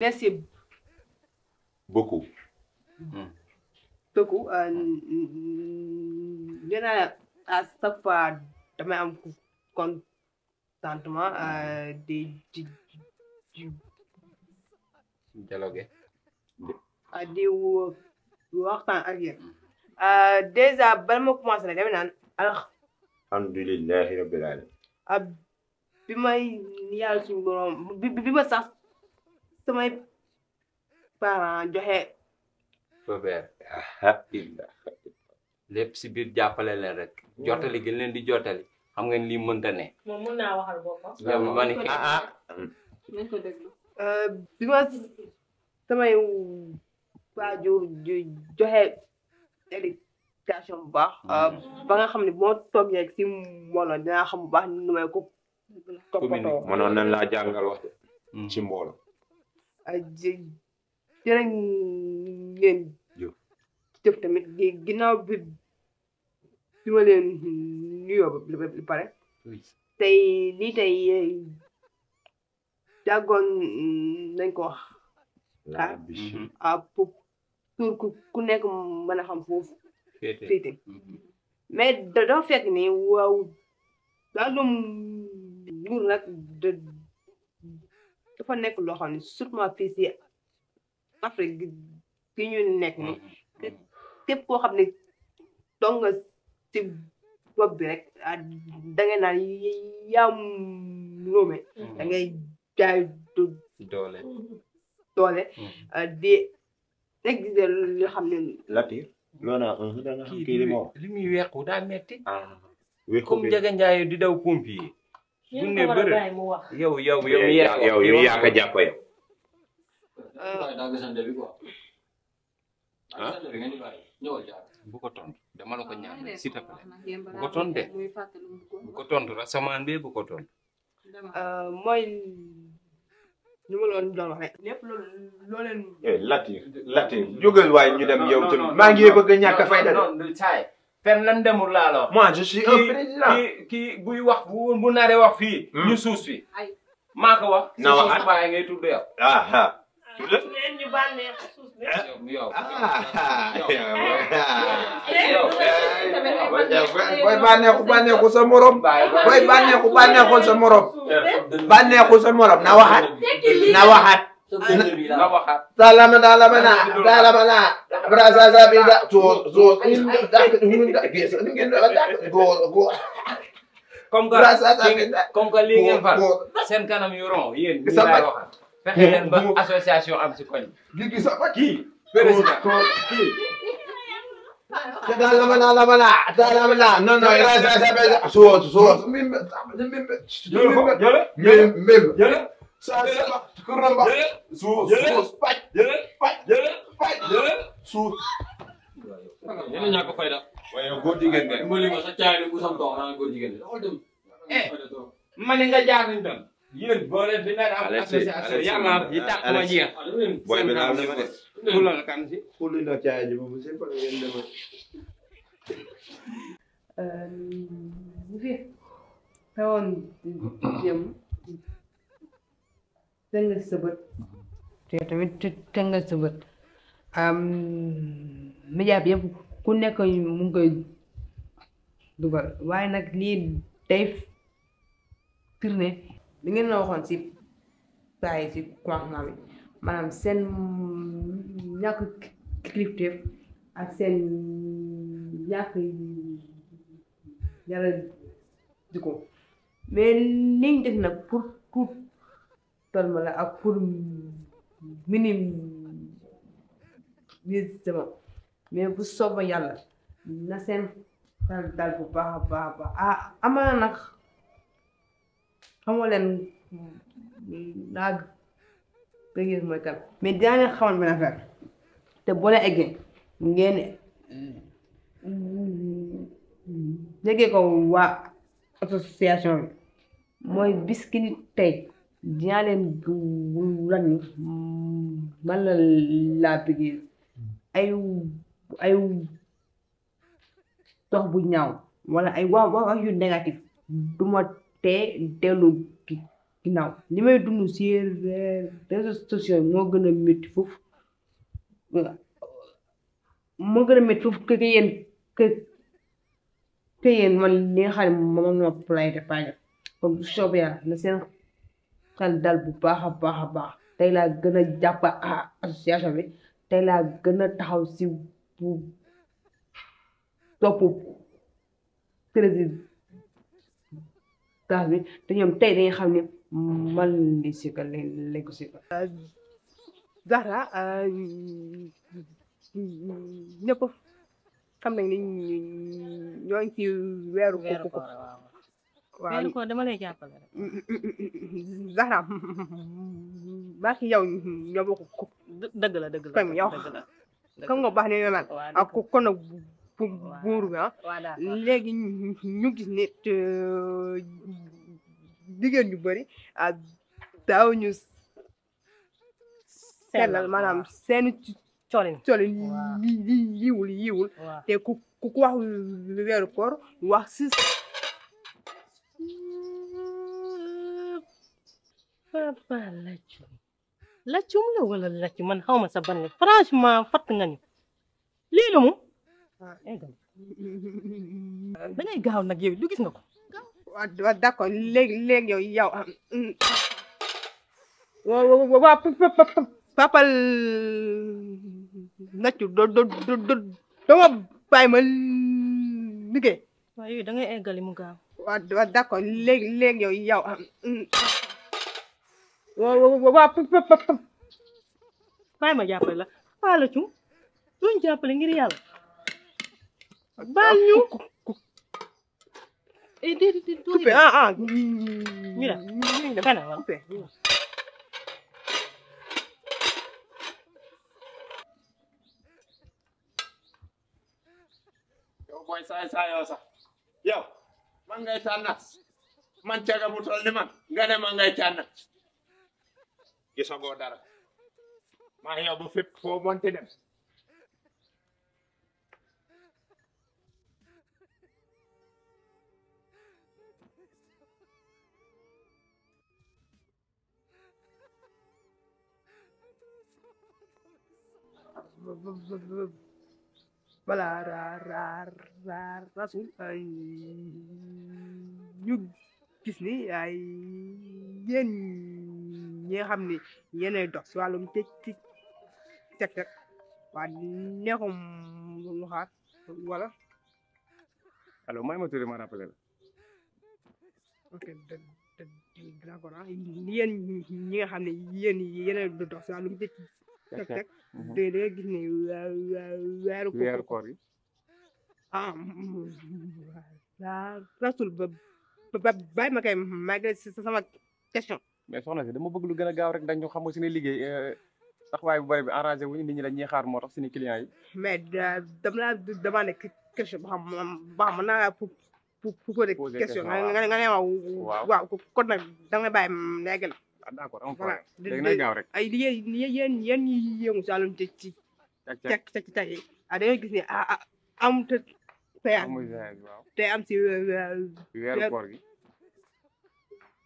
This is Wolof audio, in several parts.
Merci beaucoup. Hmm. beaucoup nee euh, naa la à chaque fois am contentement euh, di di di. dialogue. di waxtaan ak yéen. Hmm. Euh, déjà bala ma commencé nag damay naan alhamdulilahi rabbil ah, bi may yàlla suñu borom bi bi samay parents joxe fobert lépp si biir jàppale leen rek jotali gën leen di jotali xam ngeen lii mënta ne moom mën naa waxal boppam ah ah ko déglu euh, bi ma samay waajur joxe éducation bu baax euh, hmm. ba nga xam ne bu ma toogee si mbooloo dinaa xam bu baax nu may ko toppatoo mënoon nañ laa jàngal wax hmm. ci ay jërë ngeen jëf tamit ginnaaw bi bi ma leen nuyoo ba pare tey lii tey jàggoon eh, nañ ko wax a ah, mhm. ah, pour pour ku nekk mën a xam foofu féete mhm. mais da doo fekk ni waaw wàllum nguur dafa nekk loo xam ne surtout fii si Afrique gi ñu nekk ni mm-hmm. képp koo xam ne toog nga si bopp bi rek ah, da ngay naan yaa luume mm-hmm. da ngay jaay du doole doole mm-hmm. ah, di exige loo xam ne da nga li muy wequ daa metti ah, comme jaga njaay di daw pompier bu ne bëri yow yow yow yow yow yaa ko jàpp yow. ah. bu ko tontu dama la ko ñaan s'il te plaît bu ko tontu bu ko tontu loon doon wax rek. lépp loolu dem yow a ñàkk fayda de. fen lan demul laa la wax. moi je suis un président kii buy wax bu bu naree wax fii. Hmm. ñu suus fi maa ko wax. na wax ak bàyyi ngay tudd yow. ah ah. ah ñu baal ne suus sa morom. booy bànneexu bànneexu eh? sa morom na waxaat. na waxaat. na waxaat. Salama da lama na da lama na. Brasa za bi da to zo in da mun da ge sa ngeen da da go go. Comme que comme que lii ngeen far seen kanam yu ron yéen ñu laay waxaat. Fexe leen ba association am si koñ. Gi gi sa kii. Président kii. Da lama na lama na da lama na non non brasa za bi so so. Mim mim. Jële jële jële. jële kuramba suuf suuf paj jële paj jële paj jële suuf yéen a ñàkk fayda waaye góor jigéen nga mbali ma sa caay ni bu sam dox naa góor jigéen nga dem eh ma ne nga jaar ni dem yéen boo leen fi naan am association yàlla yi tàq ma jeex booy bi daal ma de ku la kan si ku li la caay ji moom seen fan ngeen dem euh fi xewoon jëm tëngal sa bët te tamit tëngal sa ku nekk mu dugal waaye nag lii day firnde li ngeen la waxoon si payi si commencement bi maanaam seen ñàkk kilifteef ak seen ñàkk yàlla di ko mais liñ def nag tolma la ak pour minimiser mais bu sob yàlla na seen xel dal bu baax baax baax ah amaa nag xamoo leen laa gëgee mooy kan mais dinaa leen xamal benn affaire te boo leen eggee ngeen déggee ko waa association mooy bis tey dinaa leen wan man la laa bëggee ay ay dox bu ñaaw wala ay wax yu négatif du ma tee dellu ginnaaw li may dund si réseaux sociaux moo gën a métti foofu moo gën a métti foofu que yéen que man li nga xam ne ma play def kon na seen xel dal bu baax a baax a baax tey laa gën a jàpp a association bi tey laa gën a taxaw si bu topp président bi te ñoom tey dañuy xam ne man li si ka lañ ko euh, xam nañ ni ñoo ngi ci weeru ko waaw ko dama lay jàppale rek. Mm, mm, mm, Zahra baax yow ñoo bokk ko. dëgg la dëgg la comme yow comme nga baax ne yow man ak ah, kon nag buur bi ah. léegi ñu gis ne jigéen ñu bari ah daaw ñu. sellal maanaam seen colin colin yiwul yiwul te ku ku wax weeru koor wax si. papa laccu laccum la wala laccu man xaw ma sa ban la franchement fatt nga ñu lii la mu da gaaw nag yow du gis nga ko waaw d'accord léegi léegi yow yow laccu mm. do do do dama bàyyi ma liggéey waaye yooyu da eggali mu gaaw waaw d'accord léegi léegi yow yow mm. bàyyi ma jàppale la baal la cu duñ jàppale ngir yàlla baal ñu coupé ah ah mira kana wa coupé yow boy saay saay yow sax yow man ngay tànnas man caga bu tol ni man nga ne man ngay tànnas gisagoo dara maa yow ba fépp foo monte dem bala ra ra ay ñu gis ay yéen ñi nga ni ne yéenay dox si wàllum tëj tëj teg teg waa neexum lu xaar wala. may ma tudd ma rappelé ok dë dë d' accord ah ñi nga xam ne yéen yéenay dox si wàllum tëj teg teg. tey mhm. gis ne weeru. weeru koor yi. ah rasul ba ba bàyyi ma kay sama question. mais soxna si dama bëgg lu gën a gaaw rek ndax ñu xam nga suñu liggéey taxawaay bu bëri bi arrangé wuñu ni ñi dañuy xaar moo tax suñu clients yi. mais dama laa demandé question boo xam boo xam naa laa pour pour poser question nga ne ma waaw kon nag da nga bàyyi léegi la. ah d' accord am problème léegi nag gaaw rek. ay liggéey yéen yéen ñi yëngu si wàllum ci te càq càq càq yi ah dañoo gis ne ah ah amut te. amul te am si weeru koor gi.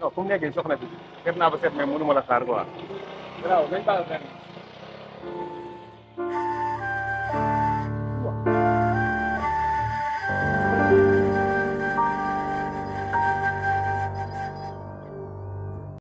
non fu mu nekkee soxna bi seet naa ba seet mais mënu ma la xaar quoi. waaw nañ baal ren.